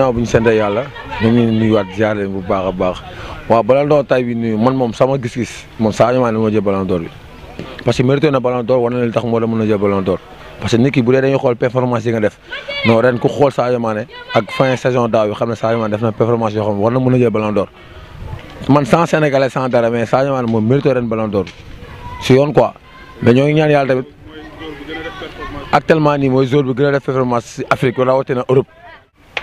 ginnaaw bu ñu sant yàlla ñu ngi nuyuwaat ziar leen bu baax a a ren ku xool Sadio Mané ak fin saison daaw bi xam ne Sadio Mané def na performance yoo xam ne war na mën a jël ballon man sans sénégalais moom mérité ren ballon si yoon quoi mais ñoo ngi ñaan yàlla tamit actuellement nii mooy zone bi gën a def performance si Afrique rawatina Europe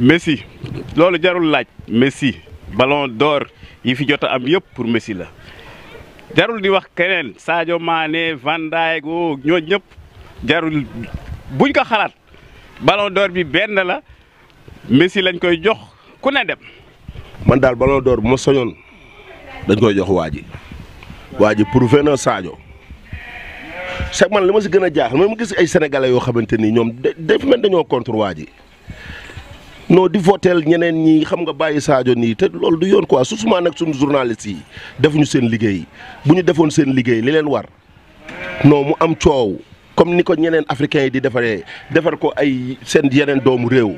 Messi loolu jarul laaj Messi ballon d'or yi fi jot a am yëpp pour Messi la jarul di wax keneen Sadio maane Van Dijk oo oh, ñoo ñëpp jarul buñ ko xalaat ballon d'or bi benn la Messi lañ koy jox ku ne dem. man daal ballon d'or bu ma soñoon dañ koy jox waa ji waa ji prouvé na Sadio chaque man li ma si gën a jaaxal mooy mu gis ay sénégalais yoo xamante nii ñoom def mel dañoo contre waa ji non di voteel ñeneen ñii xam nga bàyyi saajo nii te loolu du yoon quoi susuma nag suñu journaliste yi defuñu seen liggéey bu ñu defoon seen liggéey li leen war noo mu am coow comme ni ko ñeneen africain yi di defaree defar ko ay seen yeneen doomu réew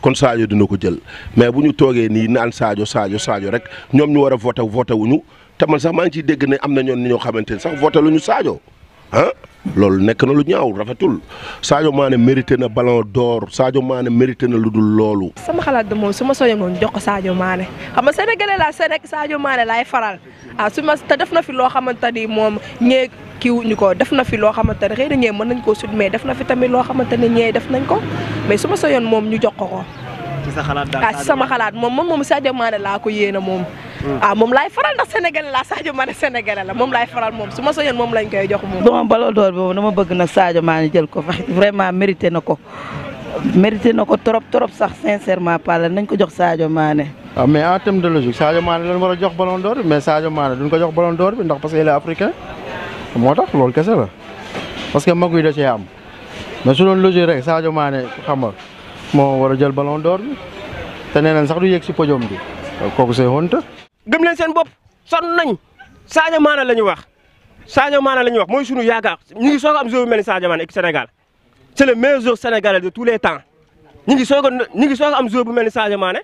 kon Sadio dina ko jël mais bu ñu toogee nii naan saajo saajo saajo rek ñoom ñu war a voté voté wuñu te man sax maa ngi ciy dégg ne am na ñoon ñoo xamante ne sax voté luñu Sadio. ah loolu nekk na lu ñaaw rafetul Sadio Mané mérité na ballon d'or Sadio Mané mérité na lu dul loolu. sama xalaat bi moom su ma soññoon jox ko Sadio Mané xam nga Sénégalais laa Séné Sadio Mané laay faral ah su ma te def na fi loo xamante ni moom ñee kii wuñu ko def na fi loo xamante ne xëy na ñee mën nañ koo sut mais def na fi tamit loo xamante ne ñee def nañ ko mais su ma soññoon moom ñu jox ko ko. ci ah, sama xalaat moom moom Sadio Mané laa ko yéene moom. ah moom laay faral ndax sénégalais la Sadio Mané sénégalais la moom laay faral moom su ma soñoon moom lañ koy jox moom. dama Ballon d'Or boobu dama bëgg nag Sadio Mané jël ko vraiment mérité na ko mérité na ko trop trop sax sincèrement parler nañ ko jox Sadio Mané. waaw ah, mais en terme de logique Sadio Mané lañ war a jox Ballon d'Or mais Sadio Mané duñ ko jox Ballon d'Or bi ndax parce que il est moo tax loolu kese la parce que mag da am mais su doon logique rek Sadio maane xam nga moo war a jël Ballon d'Or bi te nee sax du yegg si podium bi kooku c'est honte gëm leen seen bopp sonn nañ Sadio maana la ñu wax Sadio maana la ñu wax mooy sunu yaakaar ñu ngi soog am joueur mel ni Sadio Mané ak Sénégal c'est le meilleur joueur sénégalais de les temps ñu ngi soog a ñu am joueur bu mel ni Sadio Mané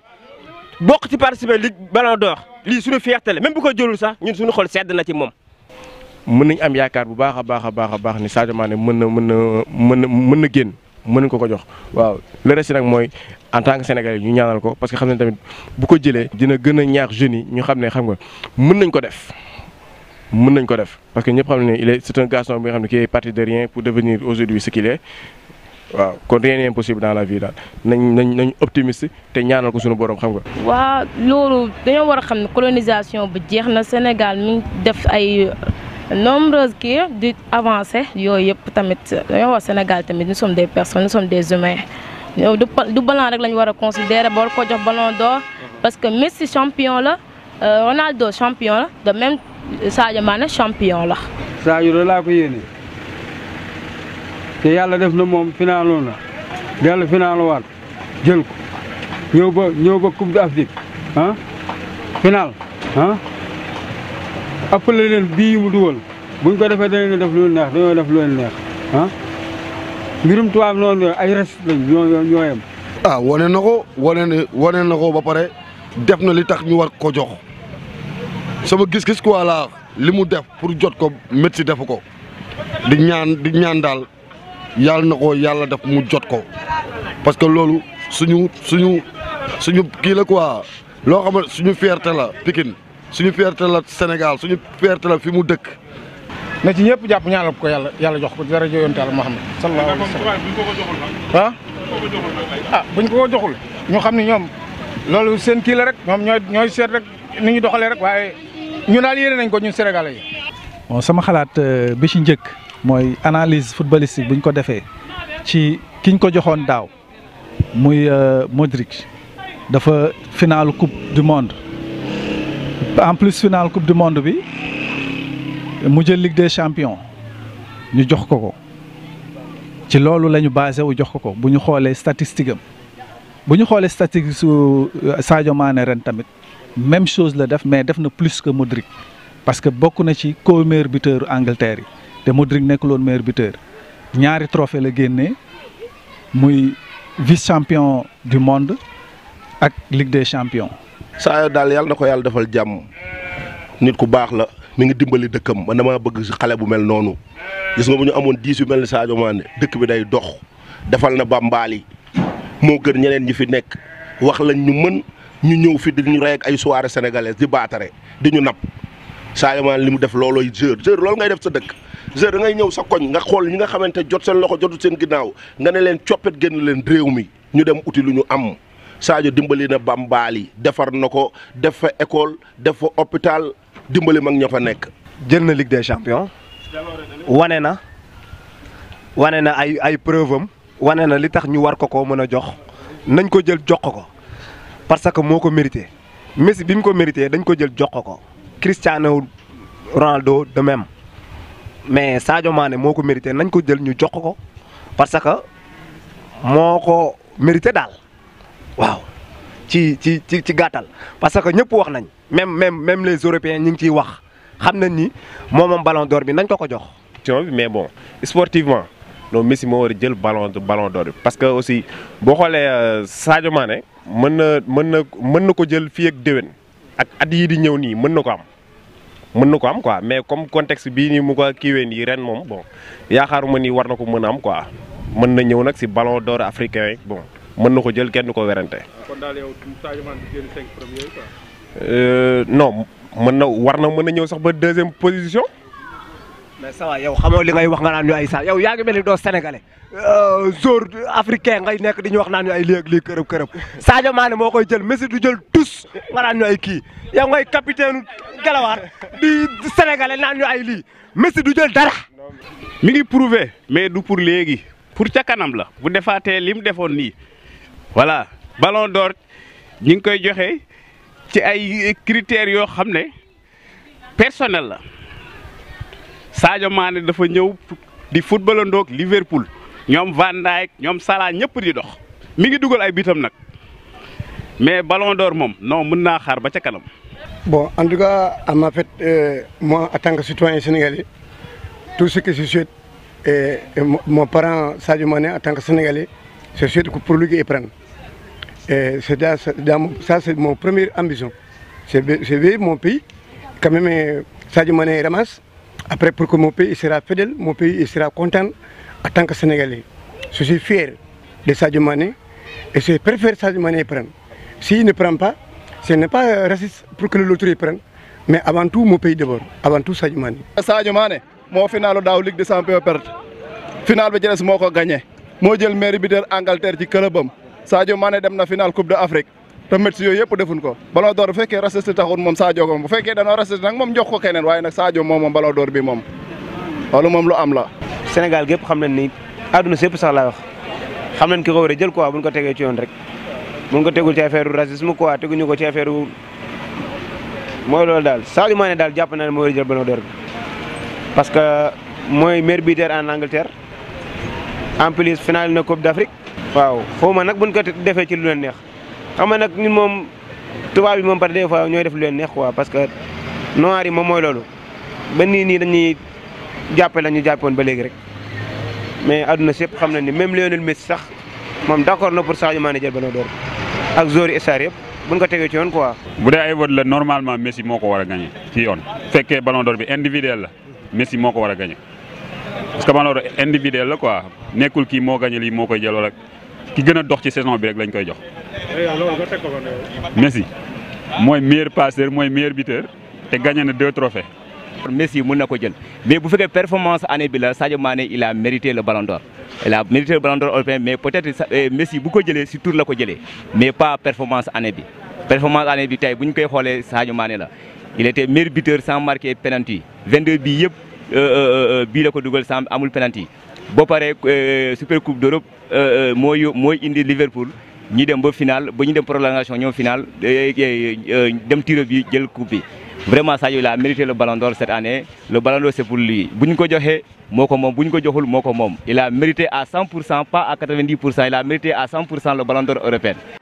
bokk ci participer ligue Ballon d'Or lii suñu fierté la même bu ko jëlul sax ñun suñu xol sedd na ci moom. mën nañ am yaakaar bu baax a baax a baax a baax ni Sadio Mané mën na mën na mën na mën na génn. mën ko ko jox waaw le reste nak moy en tant que sénégalais ñu ñaanal ko parce que xam tamit bu ko jëlé dina gëna a ñaax jeunes ñu xamné xam nga mën nañ ko def mën nañ ko def parce que ñëpp xam ne il est c'est un garçon bi nga xam qui est parti de rien pour devenir aujourd'hui ce qu'il est waaw kon rien n'est impossible dans la vie daal nañ nañ nañ optimiste te ñaanal ko suñu borom xam nga. waaw loolu dañoo war a xam ne colonisation bu jeex na Sénégal mi def ay nombreuses qui di avancé yooyu yëpp tamit dañoo Sénégal tamit nous sommes des personnes nous sommes des humains du du ballon rek la ñu considérer boo ko jox ballon d'or parce que Messi champion là, euh, Ronaldo champion là, de même Sadio Mané champion là, Sadio da laa ko yéene te a def le moom finaaloon na dellu finaalu waat jël ko ñëw ba ñëw ba coupe d'Afrique Hein? final ah appelé leen bii mu dugal. bu ñu ko defee danañ def lu neex def lu neex ah mbirum tubaab noonu ay res lañ ñoo ñoo yem ah wane na ko wane na wane na ko ba pare def na li tax ñu war ko jox sama gis-gis quoi la li mu def pour jot ko métti defu ko di ñaan di ñaan daal yàlla na ko yàlla def mu jot ko parce que loolu suñu suñu suñu kii la quoi loo xam ne suñu fierté la Pikine suñu fierté la Sénégal suñu fierté la fi mu dëkk na ci ñëpp jàpp ñaanal ko yàlla yàlla jox ko dara jooyante yàlla Muhammad sallallahu alayhi wa ah buñ ko ko joxul ñu xam ne ñoom loolu seen kii la rek ñoom ñooy ñooy seet rek ni ñu doxalee rek waaye ñu daal yéene nañ ko ñun Sénégalais yi bon sama xalaat euh, bi ci njëkk mooy analyse footballistique buñ ko defee ci kiñ ko joxoon daaw muy euh, Modric dafa final coupe du monde en plus final coupe du monde bi mu jël Ligue des champions ñu jox ko ko ci loolu lañu ñu basé wu jox ko ko bu ñu xoolee statistique am bu ñu xoolee statistique su euh, Sadio Mané ren tamit même chose la def mais def na plus que Modric parce que bokk na ci co-meilleur buteur Angleterre yi te Modric nekkuloon meilleur buteur ñaari trophée la génnee muy vice champion du monde ak Ligue des champions. Sadio daal yàlla na ko yàlla defal jàmm nit ku baax la. mi ngi dimbali dëkkam man damaa bëgg xale bu mel noonu gis nga bu ñu amoon diis yu mel ni Sadio Mané dëkk bi day dox defal na bàmbaal yi moo gën ñeneen ñi fi nekk wax lañ ñu mën ñu ñëw fi di ñu rey ay soirée sénégalaise di baatare di ñu napp Sadio Mané li mu def loolooy jër jër lool ngay def sa dëkk jër da ngay ñëw sa koñ nga xool ñi nga xamante jot seen loxo jotul seen ginnaaw nga ne leen coppet génn leen réew mi ñu dem uti lu ñu am Sadio dimbali na bàmbaal yi defar na dimbali mag ñoo fa nekk. jël na Ligue des champions wane na wane na ay ay preuve wane na li tax ñu war ko ko mën a jox nañ ko jël jox ko parce que moo ko mérité Messi bi mu ko mérité dañ ko jël jox ko Cristiano Ronaldo de même mais Sadio Mané moo ko mérité nañ ko jël ñu jox ko parce que moo ko mérité daal waaw ci ci ci ci gàttal parce que ñëpp wax nañ. même même même les Européens ñu ngi ciy wax xam ni moom ballon d'or bi nañ ko ko jox. mais bon sportivement non Messi moo war a jël ballon ballon d'or parce que aussi boo xoolee euh, Sadio Mané mën na mën na mën na ko jël fii ak déwén ak at yii di ñëw nii mën na ko am. mën na ko am quoi mais comme contexte bii nii mu ko kiiwee nii ren moom bon yaakaaruma ni war na ko mën am quoi mën na ñëw nag si ballon d'or africain bon mën na ko jël kenn ko werante. kon daal yow Sadio Mané di cinq premiers quoi. Euh, non mën na war na mën a ñëw sax ba deuxième position. mais ça va yow xamoo li ngay wax nga naan ay saa yow yaa ngi mel ni doo sénégalais euh, jour africain ngay nekk di ñu wax naan ñu ay lii ak lii kërëb kërëb Sadio Mané moo koy jël Messi du jël tous nga naan ay kii yow ngay capitaine galawaar di sénégalais naan ñu ay lii Messi du jël dara. mi ngi prouvé mais du pour léegi pour ca kanam la bu defaatee li mu defoon nii wala ballon d'or ñi ngi koy joxe. ci ay critère yo xamné personnel la Sadio Mané dafa ñew di footballandoog Liverpool ñom Van Dijk ñom Salah ñepp di dox mi ngi duggal ay bitam nak mais Ballon d'Or mom non mën na xaar ba ca kanam. bon en tout cas ma fait euh, moi en tant que citoyen sénégalais tout ce que je souhaite et, mon, mon parent Sadio Mané en tant que sénégalais je souhaite que pour lui qu'il prenne. ça, c'est mon première ambition. C'est vivre mon pays. Quand même, euh, Sadio Mané ramasse. Après, pour que mon pays sera fidèle, mon pays sera content en tant que Sénégalais. Je suis fier de Sadio Mané et je préfère Sadio Mané prendre. S'il ne prend pas, ce n'est pas euh, raciste pour que l'autre prenne, mais avant tout mon pays d'abord, avant tout Sadio Mané. Sadio Mané, mon final de Ligue des Champions perdre. Final, je l'ai gagné. Je l'ai le mérite de l'Angleterre du club. Sadio Mané dem na final Coupe d'Afrique te match yooyu yëpp defuñ ko Ballon d'Or bu fekkee racisme taxul moom Sadio ko bu fekkee danoo racisme nag moom jox ko keneen waaye nag Sadio moom moom Ballon d'Or bi moom loolu moom lu am la. Sénégal gépp xam nañ ni àdduna sépp sax laa wax xam nañ ki ko war a jël ko tegee ci yoon rek buñ ko tegul ci affaire racisme quoi teguñu ko ci affaire mooy loolu daal Sadio daal jàpp naa ne moo war parce que mooy meilleur buteur en Angleterre en plus final na Coupe waaw xaw ma nag buñ ko defee ci lu leen neex xam nga nag ñun moom tubaab yi moom par des fois ñooy def lu leen neex quoi parce que noir yi moom mooy loolu ba nii nii dañuy jàppe la ñu jàppoon ba léegi rek mais àdduna si yëpp xam na ni même Lionel Messi sax moom d'accord na pour Sadio Mané jël Ballon d'Or ak joueurs yi star yëpp buñ ko tegee ci yoon quoi. bu dee ay vote la normalement Messi moo ko war a gagné ci yoon fekkee Ballon d'Or bi individuel la Messi moo ko war a gagné parce que Ballon la quoi. nekul ki mo gagné lii moo koy jël rek ki gëna dox ci saison bi rek lañ koy jox. Eh, Messi moy meilleur passeur moy meilleur buteur té gagné na deux trophées. Messi mu nako jël mais bu fekkee performance année bi la Sadio Mané il a mérité le ballon d'or il a mérité le ballon d'or européen mais peut-être eh, Messi bu ko jëlé ci tour la ko jëlé mais pas performance année bi. performance année bi tay buñ koy xolé Sadio Mané la il était meilleur buteur sans marquer penalty 22 bi yépp euh, euh, euh, euh bi la ko duggal sans amul penalty ba pareil, euh, super coupe d'Europe euh, euh, moi, mooy indi Liverpool ñi dem ba final ba ñu dem prolongation un final dem tiré bi jël coupe vraiment ça, il a mérité le Ballon d'Or cette année le Ballon d'Or c'est pour lui il a mérité à 100 pas à 90 il a mérité à 100 le Ballon d'Or européen.